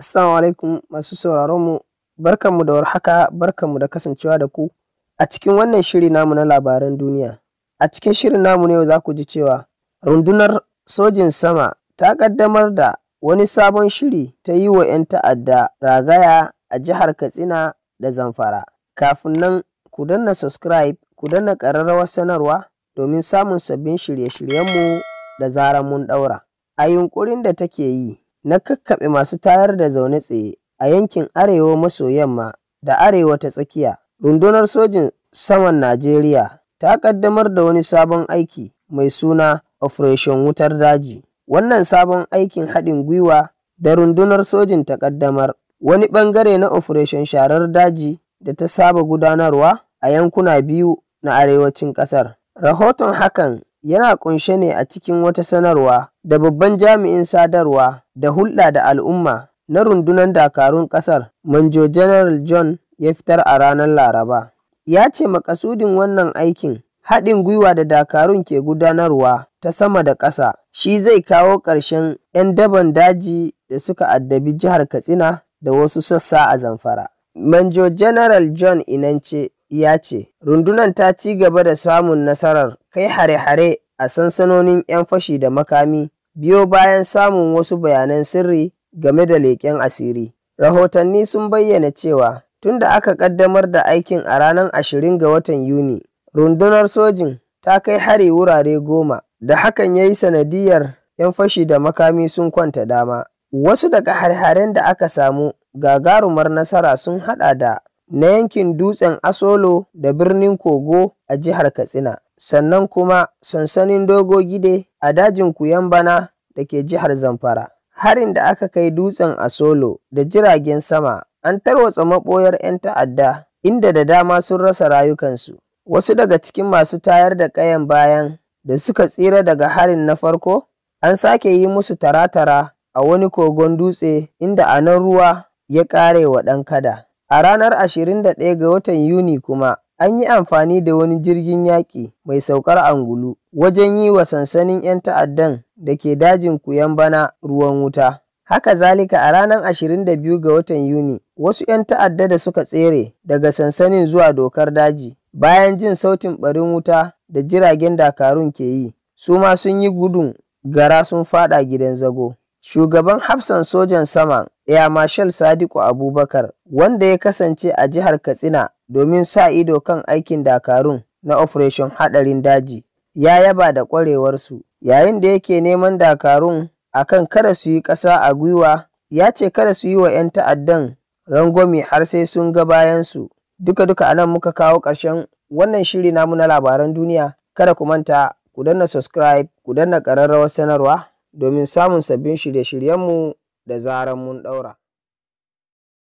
Assalamu alaikum masu sauraron mu barkanmu da warhaka barkanmu da kasancewa da ku a cikin wannan shiri namu na labaran duniya. A cikin shirin namu ne za ku ji cewa rundunar sojin sama ta kaddamar da wani sabon shiri ta yi wa 'yan ta'adda ragaya a jihar Katsina da Zamfara. Kafin nan ku danna subscribe ku danna ƙararrawar sanarwa domin samun sabbin shirye-shiryenmu da zarar mun ɗaura. A yunƙurin da take yi na kakkaɓe masu tayar da zaune tsaye a yankin arewa maso yamma da arewa ta tsakiya. Rundunar Sojin Saman Najeriya ta ƙaddamar da wani sabon aiki mai suna Operation Wutar Daji. Wannan sabon aikin haɗin gwiwa da rundunar sojin ta ƙaddamar wani ɓangare na Operation Sharar Daji da ta saba gudanarwa a yankuna biyu na arewacin ƙasar. Rahoton hakan yana kunshe ne a cikin wata sanarwa da Babban Jami'in Sadarwa da Hulɗa da Al'umma na Rundunar Dakarun Ƙasar, Manjo general John ya fitar a ranar Laraba. Ya ce makasudin wannan aikin haɗin gwiwa da dakarun ke gudanarwa ta sama da ƙasa shi zai kawo ƙarshen 'yan daban daji da suka addabi jihar Katsina da wasu sassa a Zamfara. Manjo General John Inance ya ce rundunar ta ci gaba da samun nasarar kai hare-hare a sansanonin 'yan fashi da makami biyo bayan samun wasu bayanan sirri game da leƙen asiri rahotanni sun bayyana cewa tun da aka ƙaddamar da aikin a ranar 20 ga watan yuni rundunar sojin ta kai hari wurare goma da hakan ya yi sanadiyar 'yan fashi da makami sun kwanta dama wasu daga har-haren da aka samu gagarumar nasara sun hada da na yankin Dutsen Asolo da birnin Kogo a jihar Katsina, sannan kuma sansanin dogo gide a dajin bana da ke jihar Zamfara. Harin da aka kai Dutsen Asolo da jiragen sama an tarwatsa maɓoyar 'yan ta'adda inda da dama sun rasa rayukansu. Wasu daga cikin masu tayar da ƙayan bayan da suka tsira daga harin na farko, an sake yi musu taratara a wani kogon dutse inda a nan ruwa ya ƙare wa ɗan kada. A ranar 21 ga watan Yuni kuma, an yi amfani da wani jirgin yaƙi mai saukar angulu wajen yi wa sansanin 'yan ta'addan da ke dajin bana ruwan wuta. Haka zalika a ranar 22 ga watan Yuni, wasu 'yan ta'adda da suka tsere daga sansanin zuwa dokar daji bayan jin sautin ɓarin wuta da jiragen Dakarun ke yi, su ma sun yi gudun gara sun faɗa gidan zago. Shugaban hafsan sojan sama, Air Marshal Sadiku Abubakar, wanda ya kasance a jihar Katsina domin sa ido kan aikin Dakarun na Operation Hadarin Daji, ya yaba da ƙwarewarsu yayin da yake neman Dakarun akan kada su yi ƙasa a gwiwa, ya ce kada su yi wa 'yan ta'addan rangwami har sai sun ga bayansu. Duka-duka anan muka kawo ƙarshen wannan shiri namu na labaran duniya, kada ku manta ku danna subscribe, ku danna ƙararrawar sanarwa. domin samun sabbin shirye-shiryenmu da zarar mun ɗaura.